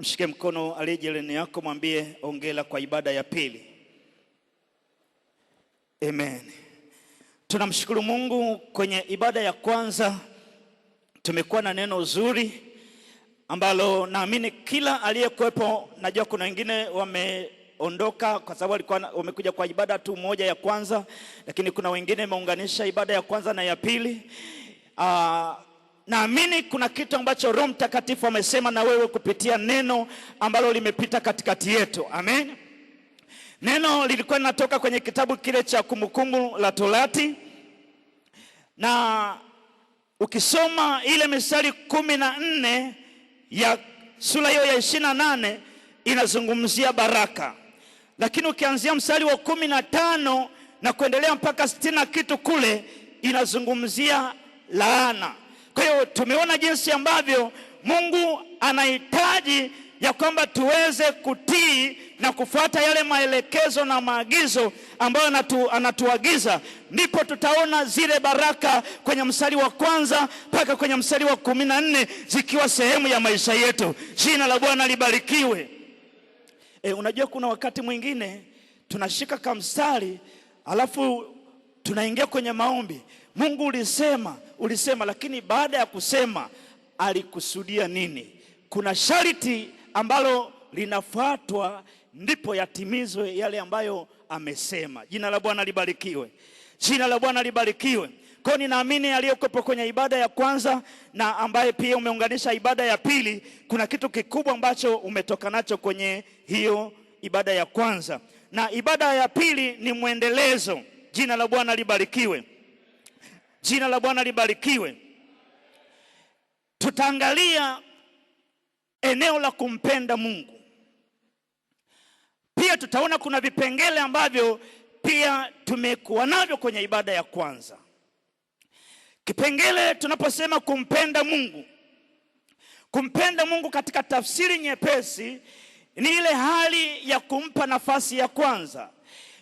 Mshike mkono aliye jirani yako, mwambie ongela kwa ibada ya pili. Amen. Tunamshukuru Mungu. Kwenye ibada ya kwanza tumekuwa na neno zuri ambalo naamini kila aliyekuwepo, najua kuna wengine wameondoka kwa sababu walikuwa wamekuja kwa ibada tu moja ya kwanza, lakini kuna wengine wameunganisha ibada ya kwanza na ya pili. Aa, ah, Naamini kuna kitu ambacho Roho Mtakatifu amesema na wewe kupitia neno ambalo limepita katikati yetu. Amen. Neno lilikuwa linatoka kwenye kitabu kile cha Kumbukumbu la Torati, na ukisoma ile mistari kumi na nne ya sura hiyo ya ishirini na nane inazungumzia baraka, lakini ukianzia mstari wa kumi na tano na kuendelea mpaka sitini na kitu kule inazungumzia laana. Kwa hiyo tumeona jinsi ambavyo Mungu anahitaji ya kwamba tuweze kutii na kufuata yale maelekezo na maagizo ambayo anatu, anatuagiza ndipo tutaona zile baraka kwenye mstari wa kwanza mpaka kwenye mstari wa kumi na nne zikiwa sehemu ya maisha yetu. Jina la Bwana libarikiwe. E, unajua kuna wakati mwingine tunashika kamstari alafu tunaingia kwenye maombi. Mungu ulisema ulisema, lakini baada ya kusema alikusudia nini? Kuna sharti ambalo linafuatwa ndipo yatimizwe yale ambayo amesema. Jina la Bwana libarikiwe, jina la Bwana libarikiwe. Kwa hiyo ninaamini aliyokuwepo kwenye ibada ya kwanza na ambaye pia umeunganisha ibada ya pili, kuna kitu kikubwa ambacho umetoka nacho kwenye hiyo ibada ya kwanza, na ibada ya pili ni mwendelezo. Jina la Bwana libarikiwe. Jina la Bwana libarikiwe. Tutaangalia eneo la kumpenda Mungu. Pia tutaona kuna vipengele ambavyo pia tumekuwa navyo kwenye ibada ya kwanza. Kipengele tunaposema kumpenda Mungu, kumpenda Mungu katika tafsiri nyepesi ni ile hali ya kumpa nafasi ya kwanza,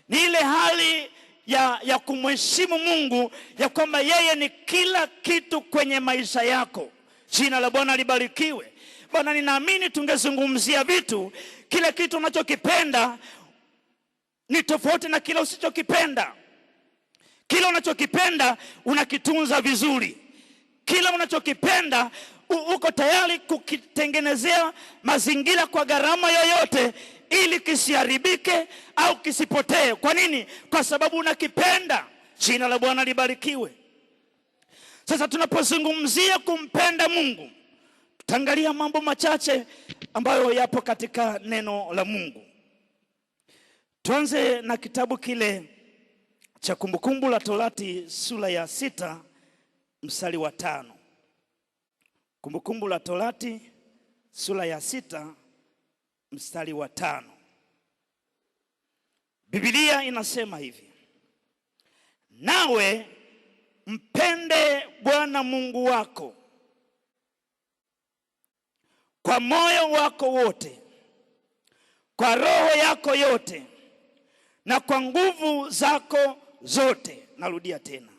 ni ile hali ya, ya kumheshimu Mungu ya kwamba yeye ni kila kitu kwenye maisha yako. Jina la Bwana libarikiwe. Bwana, ninaamini tungezungumzia vitu, kila kitu unachokipenda ni tofauti na kile usichokipenda. Kile unachokipenda unakitunza vizuri, kila unachokipenda uko tayari kukitengenezea mazingira kwa gharama yoyote ili kisiharibike au kisipotee. Kwa nini? Kwa sababu unakipenda. Jina la Bwana libarikiwe. Sasa tunapozungumzia kumpenda Mungu, tutaangalia mambo machache ambayo yapo katika neno la Mungu. Tuanze na kitabu kile cha Kumbukumbu la Torati sura ya sita mstari wa tano. Kumbukumbu la Torati sura ya sita mstari wa tano. Biblia inasema hivi, nawe mpende Bwana Mungu wako kwa moyo wako wote, kwa roho yako yote, na kwa nguvu zako zote. Narudia tena,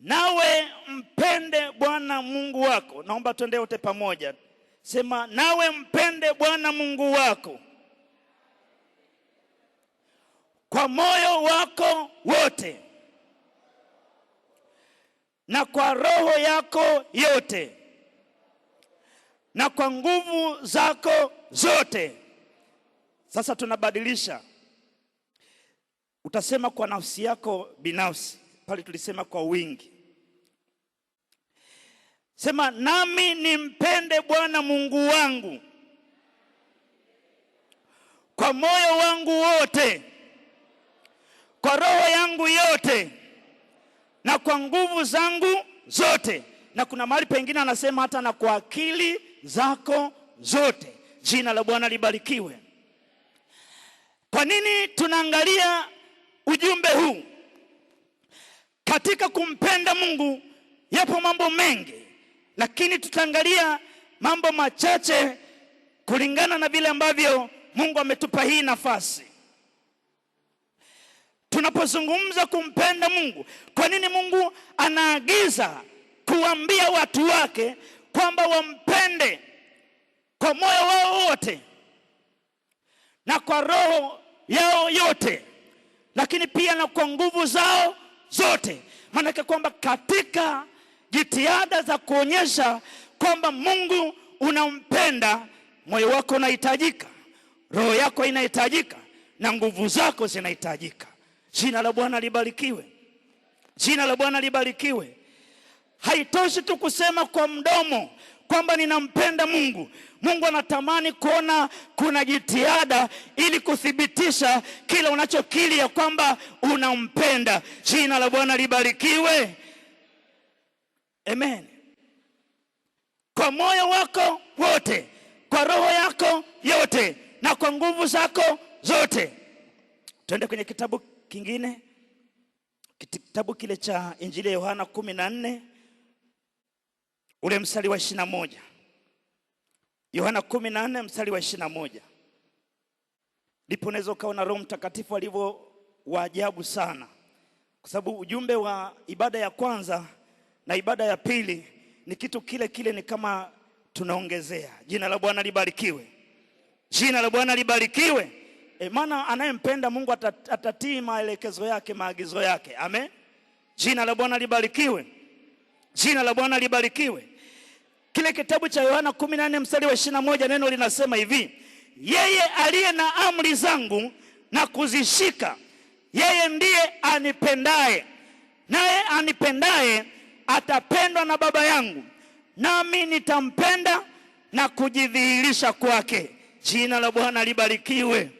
nawe mpende Bwana Mungu wako. Naomba tuende wote pamoja, sema nawe mpende Bwana Mungu wako kwa moyo wako wote na kwa roho yako yote na kwa nguvu zako zote. Sasa tunabadilisha, utasema kwa nafsi yako binafsi pale tulisema kwa wingi. Sema nami nimpende Bwana Mungu wangu kwa moyo wangu wote, kwa roho yangu yote, na kwa nguvu zangu zote, na kuna mahali pengine anasema hata na kwa akili zako zote. Jina la Bwana libarikiwe. Kwa nini tunaangalia ujumbe huu? Katika kumpenda Mungu yapo mambo mengi, lakini tutaangalia mambo machache kulingana na vile ambavyo Mungu ametupa hii nafasi. Tunapozungumza kumpenda Mungu, kwa nini Mungu anaagiza kuambia watu wake kwamba wampende kwa moyo wao wote na kwa roho yao yote, lakini pia na kwa nguvu zao zote. Maanake kwamba katika jitihada za kuonyesha kwamba Mungu unampenda, moyo wako unahitajika, roho yako inahitajika, na nguvu zako zinahitajika. Jina la Bwana libarikiwe, jina la Bwana libarikiwe. Haitoshi tu kusema kwa mdomo, kwamba ninampenda Mungu. Mungu anatamani kuona kuna jitihada ili kuthibitisha kila unachokili ya kwamba unampenda. Jina la Bwana libarikiwe, amen. Kwa moyo wako wote, kwa roho yako yote, na kwa nguvu zako zote. Tuende kwenye kitabu kingine, kitabu kile cha Injili ya Yohana kumi na nne ule mstari wa ishirini na moja Yohana kumi na nne mstari wa ishirini na moja ndipo unaweza ukaona Roho Mtakatifu alivyo wa ajabu sana, kwa sababu ujumbe wa ibada ya kwanza na ibada ya pili ni kitu kile kile, ni kama tunaongezea. Jina la Bwana libarikiwe, jina la Bwana libarikiwe. E, maana anayempenda Mungu atatii maelekezo yake, maagizo yake. Amen, jina la Bwana libarikiwe. Jina la Bwana libarikiwe. Kile kitabu cha Yohana 14 mstari wa 21 neno linasema hivi, yeye aliye na amri zangu na kuzishika, yeye ndiye anipendaye, naye anipendaye atapendwa na Baba yangu, nami nitampenda na kujidhihirisha kwake. Jina la Bwana libarikiwe.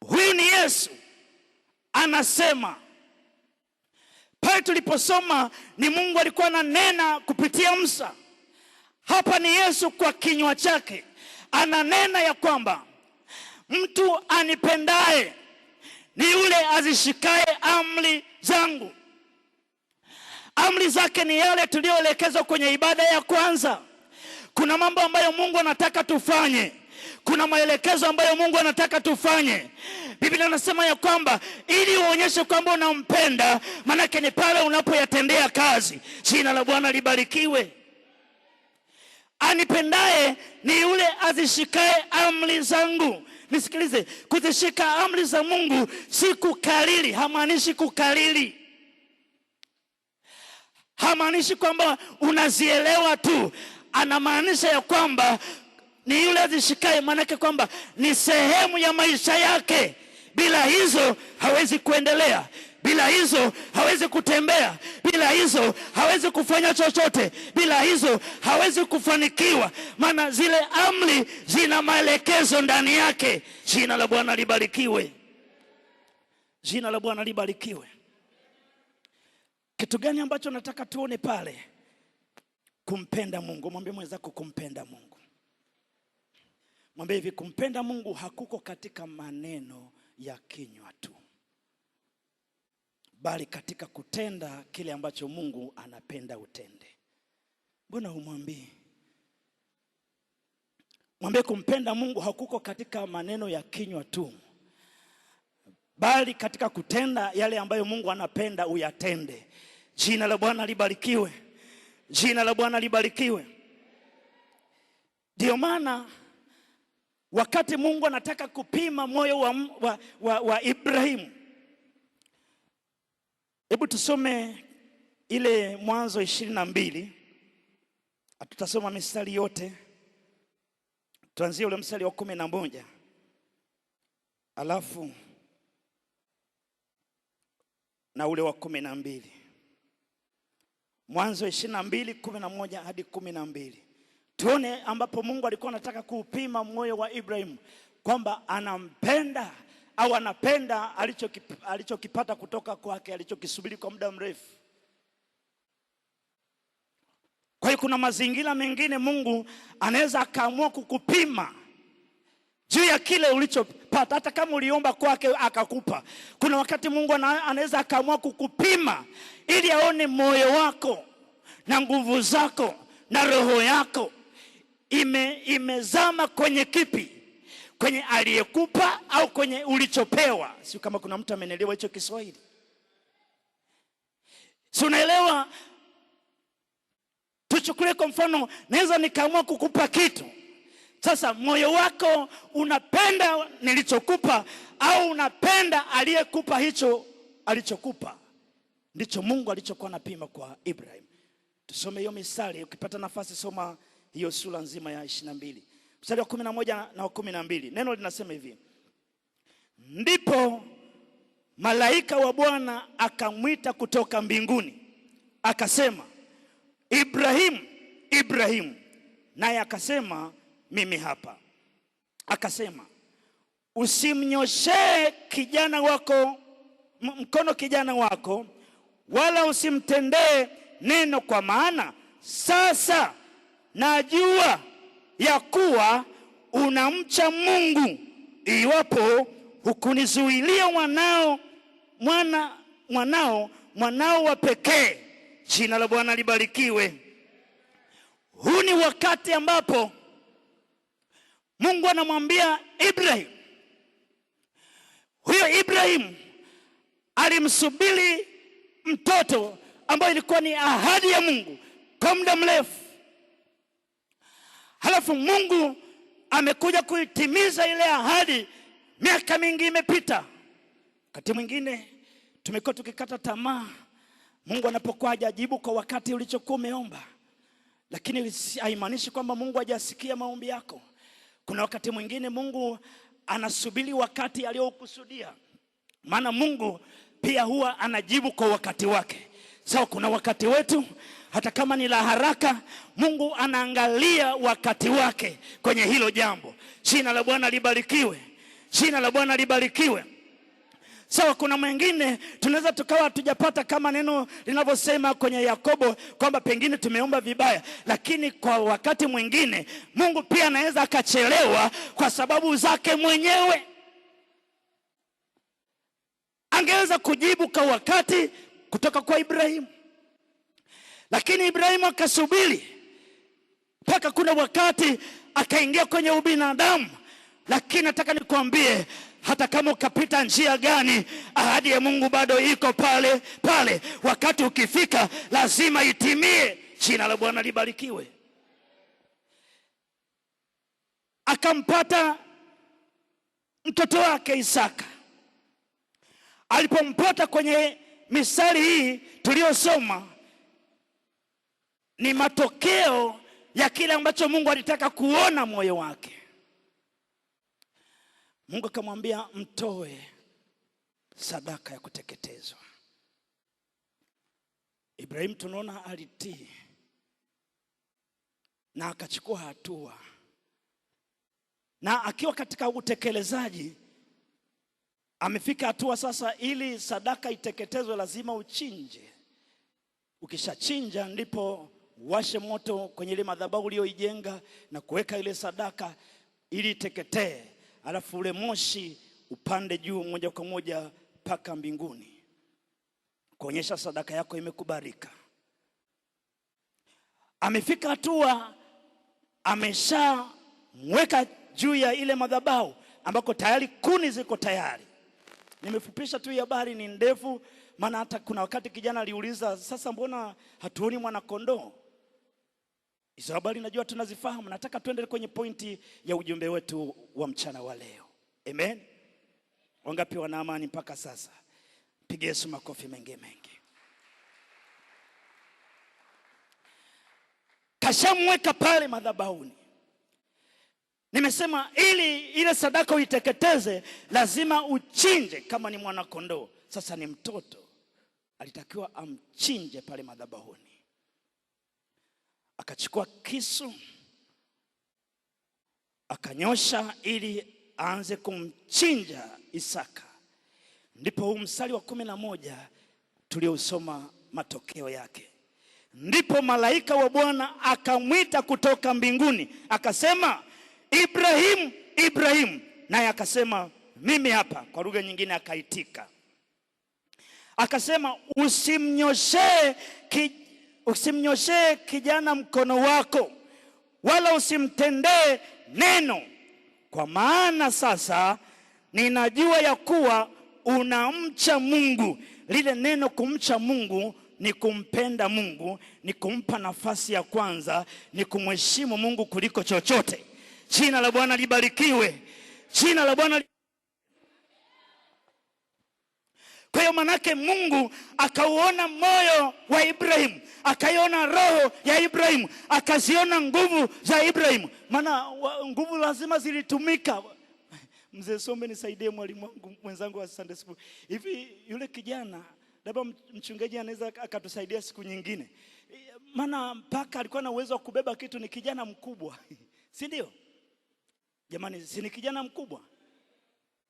Huyu ni Yesu anasema pale tuliposoma ni Mungu alikuwa ananena kupitia Musa. Hapa ni Yesu kwa kinywa chake ananena ya kwamba mtu anipendaye ni yule azishikaye amri zangu. Amri zake ni yale tuliyoelekezwa kwenye ibada ya kwanza. Kuna mambo ambayo Mungu anataka tufanye kuna maelekezo ambayo Mungu anataka tufanye. Biblia anasema ya kwamba ili uonyeshe kwamba unampenda, maanake ni pale unapoyatendea kazi. Jina la Bwana libarikiwe. Anipendaye ni yule azishikae amri zangu. Nisikilize, kuzishika amri za Mungu si kukalili hamaanishi kukalili hamaanishi kwamba unazielewa tu, anamaanisha ya kwamba ni yule azishikaye maanake kwamba ni sehemu ya maisha yake bila hizo hawezi kuendelea bila hizo hawezi kutembea bila hizo hawezi kufanya chochote bila hizo hawezi kufanikiwa maana zile amri zina maelekezo ndani yake jina la bwana libarikiwe jina la bwana libarikiwe kitu gani ambacho nataka tuone pale kumpenda mungu mwambie mwenzako kumpenda mungu Mwambie hivi, kumpenda Mungu hakuko katika maneno ya kinywa tu, bali katika kutenda kile ambacho Mungu anapenda utende. Mbona humwambii? Mwambie kumpenda Mungu hakuko katika maneno ya kinywa tu, bali katika kutenda yale ambayo Mungu anapenda uyatende. Jina la Bwana libarikiwe, jina la Bwana libarikiwe. Ndiyo maana Wakati Mungu anataka kupima moyo wa, wa, wa, wa Ibrahimu. Hebu tusome ile Mwanzo ishirini na mbili. Hatutasoma mistari yote, tuanzie ule mstari wa kumi na moja alafu na ule wa kumi na mbili. Mwanzo ishirini na mbili kumi na moja hadi kumi na mbili tuone ambapo Mungu alikuwa anataka kuupima moyo wa ibrahim kwamba anampenda au anapenda alichokipata alicho kutoka kwake, alichokisubiri kwa muda mrefu. Kwa hiyo kuna mazingira mengine Mungu anaweza akaamua kukupima juu ya kile ulichopata, hata kama uliomba kwake akakupa. Kuna wakati Mungu anaweza akaamua kukupima ili aone moyo wako na nguvu zako na roho yako ime, imezama kwenye kipi? Kwenye aliyekupa au kwenye ulichopewa? Sio kama kuna mtu amenelewa hicho Kiswahili, si unaelewa? Tuchukulie kwa mfano, naweza nikaamua kukupa kitu sasa moyo wako unapenda nilichokupa au unapenda aliyekupa hicho alichokupa? Ndicho Mungu alichokuwa anapima kwa Ibrahim. Tusome hiyo misali, ukipata nafasi soma hiyo sura nzima ya ishirini na mbili mstari wa kumi na moja na wa kumi na mbili neno linasema hivi ndipo malaika wa Bwana akamwita kutoka mbinguni akasema, Ibrahimu, Ibrahimu. Naye akasema, mimi hapa. Akasema, usimnyoshee kijana wako mkono kijana wako, wala usimtendee neno, kwa maana sasa na jua ya kuwa unamcha Mungu, iwapo hukunizuilia mwanao mwana mwanao mwanao wa pekee. Jina la Bwana libarikiwe. Huu ni wakati ambapo Mungu anamwambia Ibrahim. Huyo Ibrahim alimsubiri mtoto ambayo ilikuwa ni ahadi ya Mungu kwa muda mrefu Halafu Mungu amekuja kuitimiza ile ahadi, miaka mingi imepita. Wakati mwingine tumekuwa tukikata tamaa Mungu anapokuwa hajajibu kwa wakati ulichokuwa umeomba, lakini haimaanishi kwamba Mungu hajasikia maombi yako. Kuna wakati mwingine Mungu anasubiri wakati aliyokusudia maana Mungu pia huwa anajibu kwa wakati wake. Sawa, so, kuna wakati wetu hata kama ni la haraka, Mungu anaangalia wakati wake kwenye hilo jambo. Jina la Bwana libarikiwe, jina la Bwana libarikiwe. Sawa, so, kuna mwingine tunaweza tukawa hatujapata kama neno linavyosema kwenye Yakobo kwamba pengine tumeomba vibaya, lakini kwa wakati mwingine Mungu pia anaweza akachelewa kwa sababu zake mwenyewe. Angeweza kujibu kwa wakati kutoka kwa Ibrahimu lakini Ibrahimu akasubiri mpaka kuna wakati akaingia kwenye ubinadamu. Lakini nataka nikwambie hata kama ukapita njia gani, ahadi ya Mungu bado iko pale pale. Wakati ukifika lazima itimie. Jina la Bwana libarikiwe. Akampata mtoto wake Isaka. Alipompata kwenye misali hii tuliyosoma ni matokeo ya kile ambacho Mungu alitaka kuona moyo wake. Mungu akamwambia mtoe sadaka ya kuteketezwa. Ibrahimu tunaona alitii na akachukua hatua, na akiwa katika utekelezaji amefika hatua sasa, ili sadaka iteketezwe lazima uchinje. Ukishachinja ndipo washe moto kwenye ile madhabahu uliyoijenga na kuweka ile sadaka ili iteketee, alafu ule moshi upande juu moja kwa moja mpaka mbinguni, kuonyesha sadaka yako imekubarika Amefika hatua ameshamweka juu ya ile madhabahu ambako tayari kuni ziko tayari. Nimefupisha tu, habari ni ndefu, maana hata kuna wakati kijana aliuliza, sasa mbona hatuoni mwana kondoo? Hizo habari najua tunazifahamu. Nataka tuende kwenye pointi ya ujumbe wetu wa mchana wa leo. Amen. Wangapi wana amani mpaka sasa? Piga Yesu makofi mengi mengi. Kashamweka pale madhabahuni. Nimesema ili ile sadaka uiteketeze lazima uchinje, kama ni mwana kondoo. Sasa ni mtoto, alitakiwa amchinje pale madhabahuni akachukua kisu akanyosha ili aanze kumchinja Isaka. Ndipo huu mstari wa kumi na moja tuliosoma matokeo yake, ndipo malaika wa Bwana akamwita kutoka mbinguni akasema, Ibrahimu, Ibrahimu, naye akasema mimi hapa. Kwa lugha nyingine akaitika akasema, usimnyoshee Usimnyoshee kijana mkono wako, wala usimtendee neno, kwa maana sasa ninajua ya kuwa unamcha Mungu. Lile neno kumcha Mungu ni kumpenda Mungu, ni kumpa nafasi ya kwanza, ni kumheshimu Mungu kuliko chochote. Jina la Bwana libarikiwe. Jina la Bwana Kwa hiyo manake Mungu akauona moyo wa Ibrahim, akaiona roho ya Ibrahim, akaziona nguvu za Ibrahim. maana nguvu lazima zilitumika. Mzee Sombe, nisaidie mwalimu wangu mwenzangu wa Sunday school. Hivi yule kijana labda mchungaji anaweza akatusaidia siku nyingine, maana mpaka alikuwa na uwezo wa kubeba kitu, ni kijana mkubwa si ndio? Jamani, si ni kijana mkubwa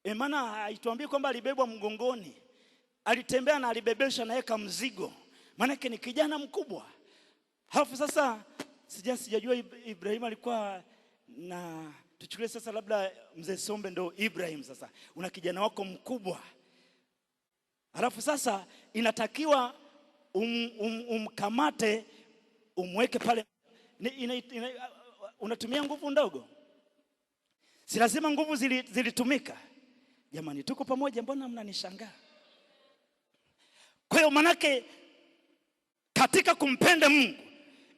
e, maana haituambii kwamba alibebwa mgongoni alitembea na alibebesha na yeka mzigo, maanake ni kijana mkubwa. Halafu sasa sija sijajua Ibrahim alikuwa na tuchukulie sasa, labda mzee Sombe ndo Ibrahim. Sasa una kijana wako mkubwa, halafu sasa inatakiwa um, um, umkamate umweke pale ni, ina, ina, unatumia nguvu ndogo, si lazima nguvu zilitumika. Zili jamani, tuko pamoja, mbona mnanishangaa? Kwa hiyo manake katika kumpenda Mungu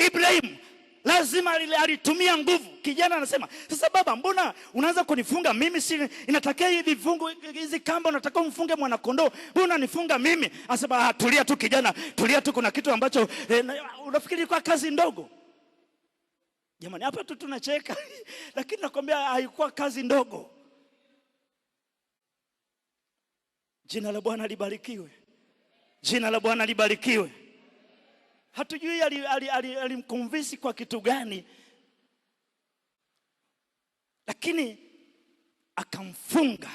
Ibrahimu lazima alitumia nguvu. Kijana anasema sasa, baba, mbona unaanza kunifunga mimi? Si inatakia hivi vifungo hizi kamba, unataka umfunge mwana kondoo, mbona nifunga mimi? Anasema ah, tulia tu kijana, tulia tu, kuna kitu ambacho eh, unafikiri kwa kazi ndogo. Jamani, hapa tu tunacheka lakini nakwambia haikuwa kazi ndogo. Jina la Bwana libarikiwe. Jina la Bwana libarikiwe. Hatujui alimkonvinsi kwa kitu gani, lakini akamfunga,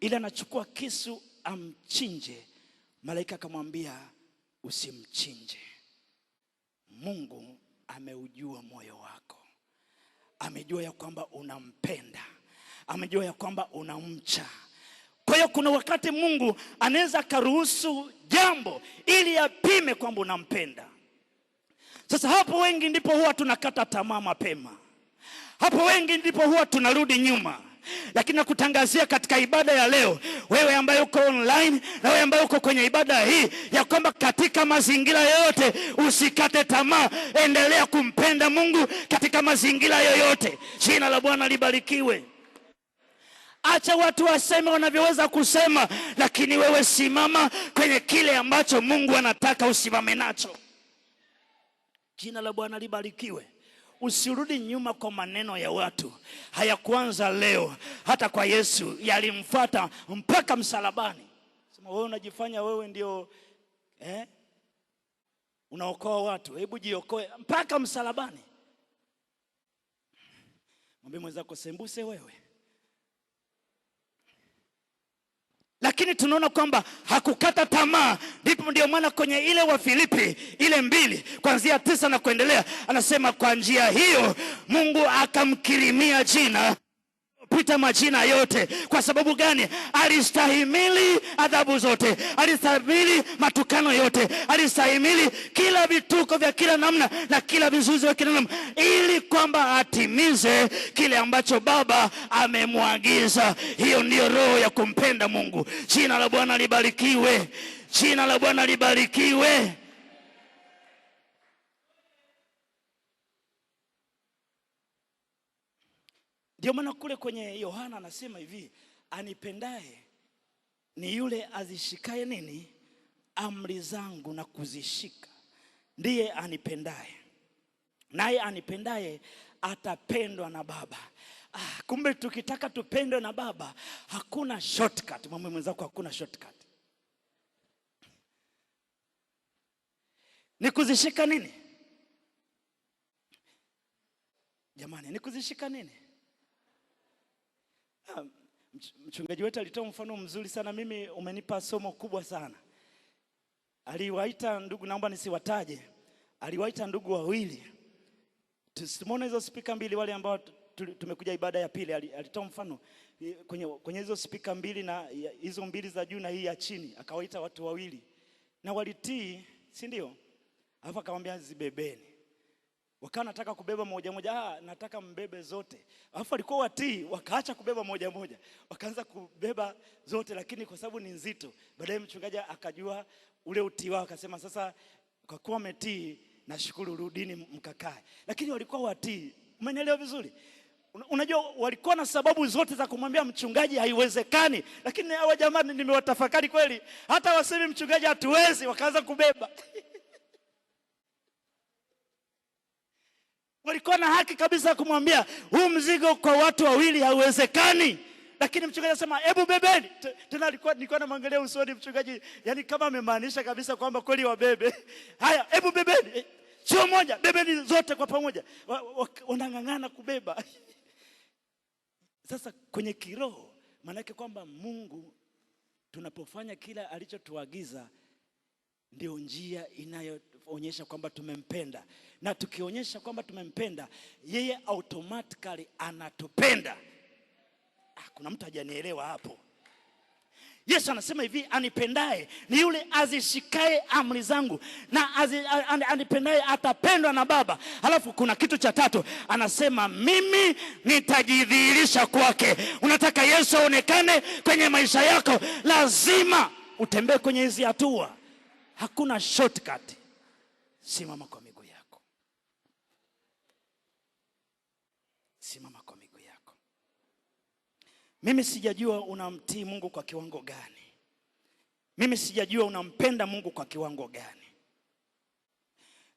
ili anachukua kisu amchinje. Malaika akamwambia usimchinje, Mungu ameujua moyo wako, amejua ya kwamba unampenda, amejua ya kwamba unamcha kwa hiyo kuna wakati Mungu anaweza akaruhusu jambo ili apime kwamba unampenda. Sasa hapo wengi ndipo huwa tunakata tamaa mapema, hapo wengi ndipo huwa tunarudi nyuma lakini nakutangazia katika ibada ya leo, wewe ambaye uko online na wewe ambaye uko kwenye ibada hii, ya kwamba katika mazingira yoyote usikate tamaa, endelea kumpenda Mungu katika mazingira yoyote. Jina la Bwana libarikiwe. Acha watu waseme wanavyoweza kusema, lakini wewe simama kwenye kile ambacho Mungu anataka usimame nacho. Jina la Bwana libarikiwe. Usirudi nyuma kwa maneno ya watu, hayakuanza leo. Hata kwa Yesu yalimfuata mpaka msalabani. Sema wewe unajifanya wewe ndio eh? unaokoa watu. Hebu jiokoe mpaka msalabani. Mwambie mwenzako sembuse wewe lakini tunaona kwamba hakukata tamaa. Ndipo ndio maana kwenye ile wa Filipi ile mbili kuanzia tisa na kuendelea, anasema kwa njia hiyo Mungu akamkirimia jina pita majina yote. Kwa sababu gani? Alistahimili adhabu zote, alistahimili matukano yote, alistahimili kila vituko vya kila namna na kila vizuizi vya kila namna, ili kwamba atimize kile ambacho Baba amemwagiza. Hiyo ndiyo roho ya kumpenda Mungu. Jina la Bwana libarikiwe, jina la Bwana libarikiwe. Ndio maana kule kwenye Yohana anasema hivi, anipendaye ni yule azishikaye nini? Amri zangu na kuzishika, ndiye anipendaye, naye anipendaye atapendwa na Baba. Ah, kumbe tukitaka tupendwe na Baba hakuna shortcut. Mama mwenzako, hakuna shortcut ni kuzishika nini jamani, ni kuzishika nini? Um, mchungaji wetu alitoa mfano mzuri sana. Mimi umenipa somo kubwa sana. Aliwaita ndugu, naomba nisiwataje, aliwaita ndugu wawili, tusimona hizo spika mbili, wale ambao tumekuja ibada ya pili. Alitoa mfano kwenye, kwenye hizo spika mbili na hizo mbili za juu na hii ya chini, akawaita watu wawili na walitii, si ndio? Alafu akamwambia zibebeni wakawa nataka kubeba moja moja, ah, nataka mbebe zote. Alafu alikuwa watii, wakaacha kubeba moja moja, wakaanza kubeba zote, lakini kwa sababu ni nzito, baadaye mchungaji akajua ule utii wao, akasema sasa, kwa kuwa umetii, nashukuru, rudini mkakae. Lakini walikuwa watii, umenielewa vizuri? Unajua, walikuwa na sababu zote za kumwambia mchungaji haiwezekani, lakini hawa jamani, nimewatafakari kweli, hata wasemi mchungaji hatuwezi, wakaanza kubeba Walikuwa na haki kabisa kumwambia huu mzigo kwa watu wawili hauwezekani, lakini mchungaji anasema hebu bebeni. Tena alikuwa nilikuwa namwangalia usoni mchungaji, yani kama amemaanisha kabisa kwamba kweli wabebe. Haya, hebu bebeni, e, sio moja, bebeni zote kwa pamoja. Wanang'ang'ana kubeba. Sasa kwenye kiroho, maanake kwamba Mungu tunapofanya kila alichotuagiza ndio njia inayoonyesha kwamba tumempenda na tukionyesha kwamba tumempenda yeye, automatically anatupenda. Ah, kuna mtu hajanielewa hapo. Yesu anasema hivi, anipendaye ni yule azishikaye amri zangu na anipendaye atapendwa na Baba. Halafu kuna kitu cha tatu anasema, mimi nitajidhihirisha kwake. Unataka Yesu aonekane kwenye maisha yako, lazima utembee kwenye hizi hatua, hakuna shortcut. Simama kwa Mimi sijajua unamtii Mungu kwa kiwango gani. Mimi sijajua unampenda Mungu kwa kiwango gani,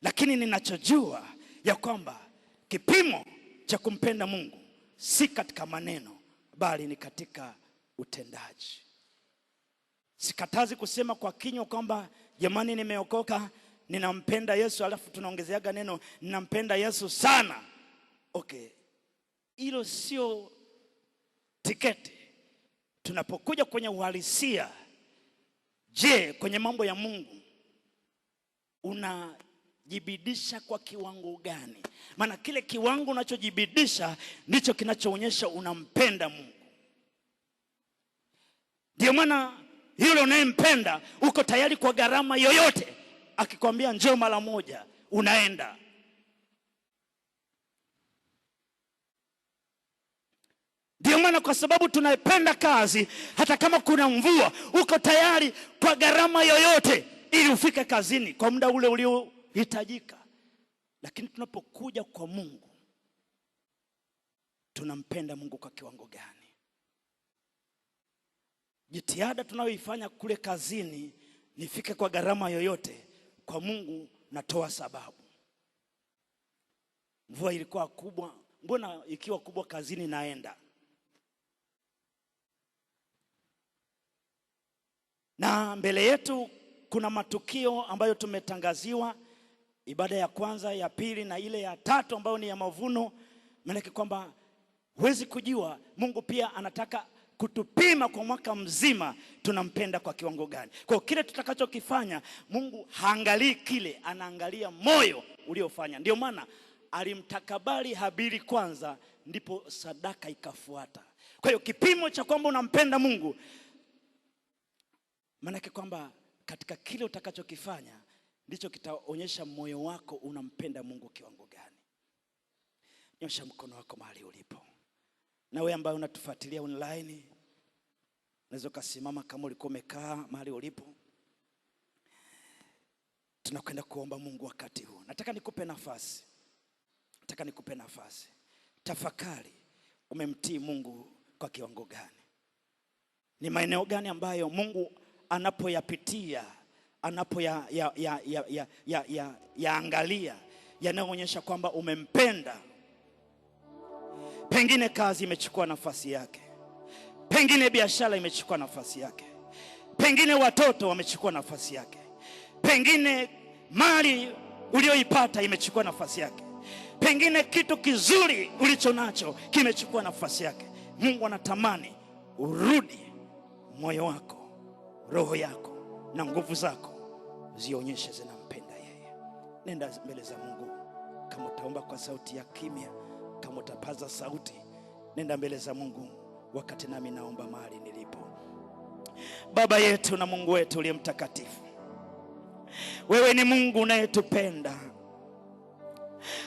lakini ninachojua ya kwamba kipimo cha kumpenda Mungu si katika maneno, bali ni katika utendaji. Sikatazi kusema kwa kinywa kwamba jamani, nimeokoka ninampenda Yesu, alafu tunaongezeaga neno ninampenda Yesu sana. Okay, hilo sio tiketi. Tunapokuja kwenye uhalisia, je, kwenye mambo ya Mungu unajibidisha kwa kiwango gani? Maana kile kiwango unachojibidisha ndicho kinachoonyesha unampenda Mungu. Ndio maana yule unayempenda uko tayari kwa gharama yoyote, akikwambia njoo mara moja, unaenda. Ndio maana kwa sababu tunapenda kazi, hata kama kuna mvua, uko tayari kwa gharama yoyote ili ufike kazini kwa muda ule uliohitajika. Lakini tunapokuja kwa Mungu, tunampenda Mungu kwa kiwango gani? Jitihada tunayoifanya kule kazini, nifike kwa gharama yoyote, kwa Mungu natoa sababu. Mvua ilikuwa kubwa, mbona ikiwa kubwa kazini naenda Na mbele yetu kuna matukio ambayo tumetangaziwa, ibada ya kwanza, ya pili na ile ya tatu ambayo ni ya mavuno. Maanake kwamba huwezi kujua, Mungu pia anataka kutupima kwa mwaka mzima, tunampenda kwa kiwango gani. Kwa kile tutakachokifanya, Mungu haangalii kile, anaangalia moyo uliofanya. Ndio maana alimtakabali Habili kwanza, ndipo sadaka ikafuata. Kwa hiyo kipimo cha kwamba unampenda Mungu Maanake kwamba katika kile utakachokifanya ndicho kitaonyesha moyo wako unampenda Mungu kiwango gani. Nyosha mkono wako mahali ulipo, na wewe ambaye unatufuatilia online unaweza ukasimama kama ulikuwa umekaa mahali ulipo. Tunakwenda kuomba Mungu wakati huu, nataka nikupe nafasi, nataka nikupe nafasi. Tafakari, umemtii Mungu kwa kiwango gani? Ni maeneo gani ambayo Mungu anapoyapitia anapoyaangalia yanayoonyesha kwamba umempenda. Pengine kazi imechukua nafasi yake, pengine biashara imechukua nafasi yake, pengine watoto wamechukua nafasi yake, pengine mali uliyoipata imechukua nafasi yake, pengine kitu kizuri ulicho nacho kimechukua nafasi yake. Mungu anatamani urudi moyo wako roho yako na nguvu zako zionyeshe zinampenda yeye. Nenda mbele za Mungu, kama utaomba kwa sauti ya kimya, kama utapaza sauti, nenda mbele za Mungu wakati nami naomba mahali nilipo. Baba yetu na Mungu wetu uliye mtakatifu, wewe ni Mungu unayetupenda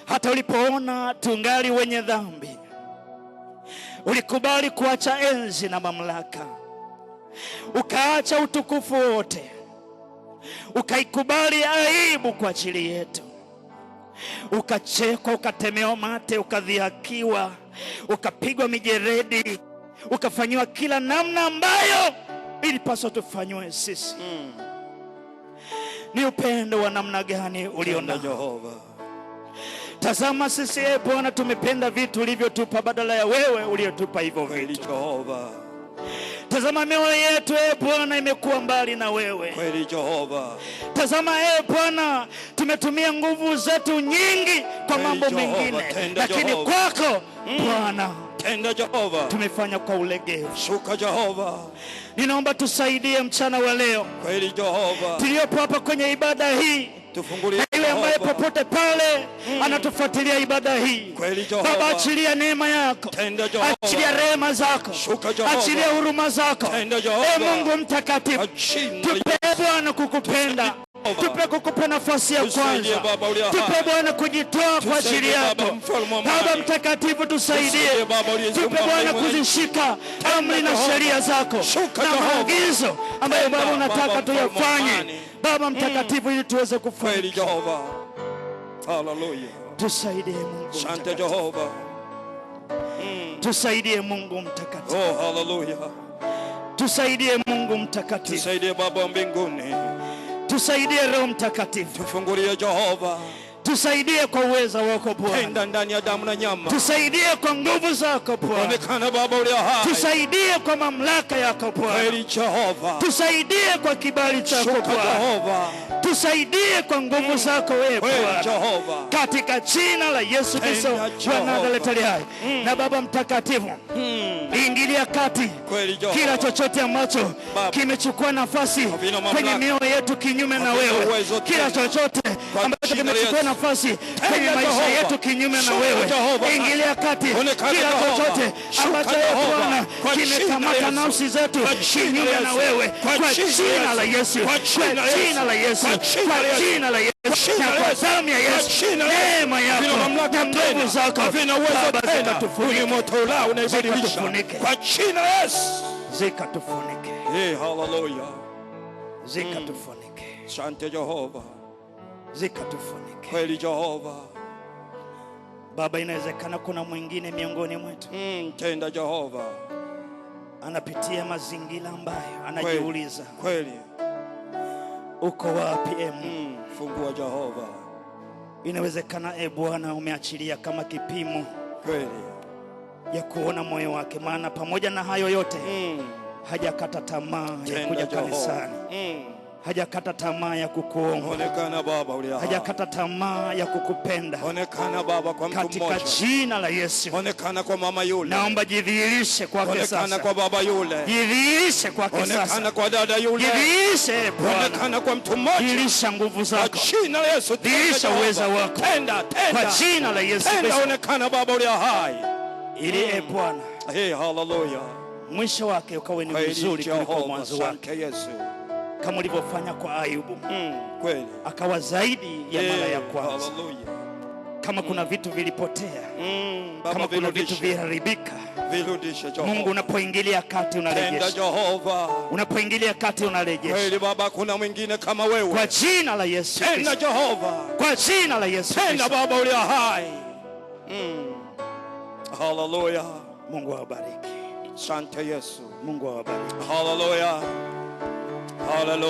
hata ulipoona tungali wenye dhambi, ulikubali kuacha enzi na mamlaka ukaacha utukufu wote, ukaikubali aibu kwa ajili yetu, ukachekwa, ukatemewa mate, ukadhihakiwa, ukapigwa mijeredi, ukafanyiwa kila namna ambayo ilipaswa tufanywe sisi. Mm. Ni upendo wa namna gani ulio Jehova? Tazama sisi, ee Bwana, tumependa vitu ulivyotupa badala ya wewe uliotupa hivyo vitu Jehova. Tazama mioyo yetu e Bwana imekuwa mbali na wewe. Kweli Jehova. Tazama e Bwana, tumetumia nguvu zetu nyingi kwa mambo mengine, lakini kwako mm. Bwana tenda Jehova, tumefanya kwa ulegevu. Shuka Jehova, ninaomba tusaidie mchana wa leo. Kweli Jehova, tuliyopo hapa kwenye ibada hii na yule ambaye popote pale mm, anatufuatilia ibada hii Baba, achilia neema yako, achilia rehema zako, achilia huruma zako, e Mungu mtakatifu, tupe Bwana kukupenda Tupe kukupa nafasi ya kwanza, tupe Bwana kujitoa kwa ajili yako. Baba Mtakatifu, tusaidie, tupe Bwana kuzishika amri na sheria zako na maagizo ambayo Baba unataka tuyafanye, Baba mm. Mtakatifu, ili tuweze Jehova. kufanya. Tusaidie Mungu Jehova, mm. tusaidie Mungu Mtakatifu, Oh, tusaidie Mungu Mtakatifu, tusaidie Baba mbinguni Tusaidie Roho Mtakatifu, tufungulie Jehova, tusaidie kwa uweza wako Bwana, tenda ndani ya damu na nyama, tusaidie kwa nguvu zako Bwana, onekana Baba ulio hai, tusaidie kwa mamlaka yako Bwana, Jehova, tusaidie kwa kibali chako Bwana tusaidie kwa nguvu zako wewe Bwana, katika jina la Yesu Kristo wa Nazareti hai. Mm. Na Baba Mtakatifu, mm. ingilia kati kila chochote ambacho kimechukua nafasi kwenye mioyo yetu kinyume na wewe, kila chochote ambacho kimechukua nafasi kwenye maisha yetu kinyume na wewe, ingilia kati kila chochote ambacho Bwana kimekamata nafsi zetu kinyume na wewe, kwa jina la Yesu, kwa jina la Yesu kwa jina la Yesu na kwa damu ya Yesu, neema yako na nguvu zako Baba zikatufunike moto unaibadilisha kwa jina la Yesu, zikatufunike. Hey, haleluya, zikatufunike. Mm. Asante Jehova, zikatufunike kweli Jehova. Baba, inawezekana kuna mwingine miongoni mwetu mm, tenda Jehova, anapitia mazingira ambayo anajiuliza kweli, kweli uko wapi e mfungu mm, wa Jehova. Inawezekana e Bwana umeachilia kama kipimo kweli ya kuona moyo wake, maana pamoja na hayo yote mm. hajakata tamaa ya kuja kanisani mm hajakata tamaa ya kukuomba, Baba ulia, hajakata tamaa ya kukupenda, Baba kwa mtu mmoja, katika jina la Yesu, onekana kwa mama yule, naomba jidhihirishe kwake sasa, kwa baba yule, kwa dada yule, kwa mtu mmoja, nguvu zako kwa jina la Yesu, uweza wako, tenda tenda, kwa jina la Yesu, tenda, Baba ulia ili e Bwana, hey, mwisho wake ukawe ni mzuri kuliko mwanzo wake Yesu kama ulivyofanya kwa Ayubu mm, kweli akawa zaidi ya yeah, mara ya kwanza. Haleluya. Kama kuna vitu vilipotea mm, kama kuna vitu viharibika, Mungu unapoingilia kati unarejesha, unapoingilia kati unarejesha. Kweli Baba, kuna mwingine kama wewe, kwa jina la Yesu Kristo. Tena Jehova, kwa jina la Yesu Kristo. Tena Baba uliye hai mm. Haleluya. Mungu awabariki. Asante Yesu. Mungu awabariki. Haleluya. Hallelujah.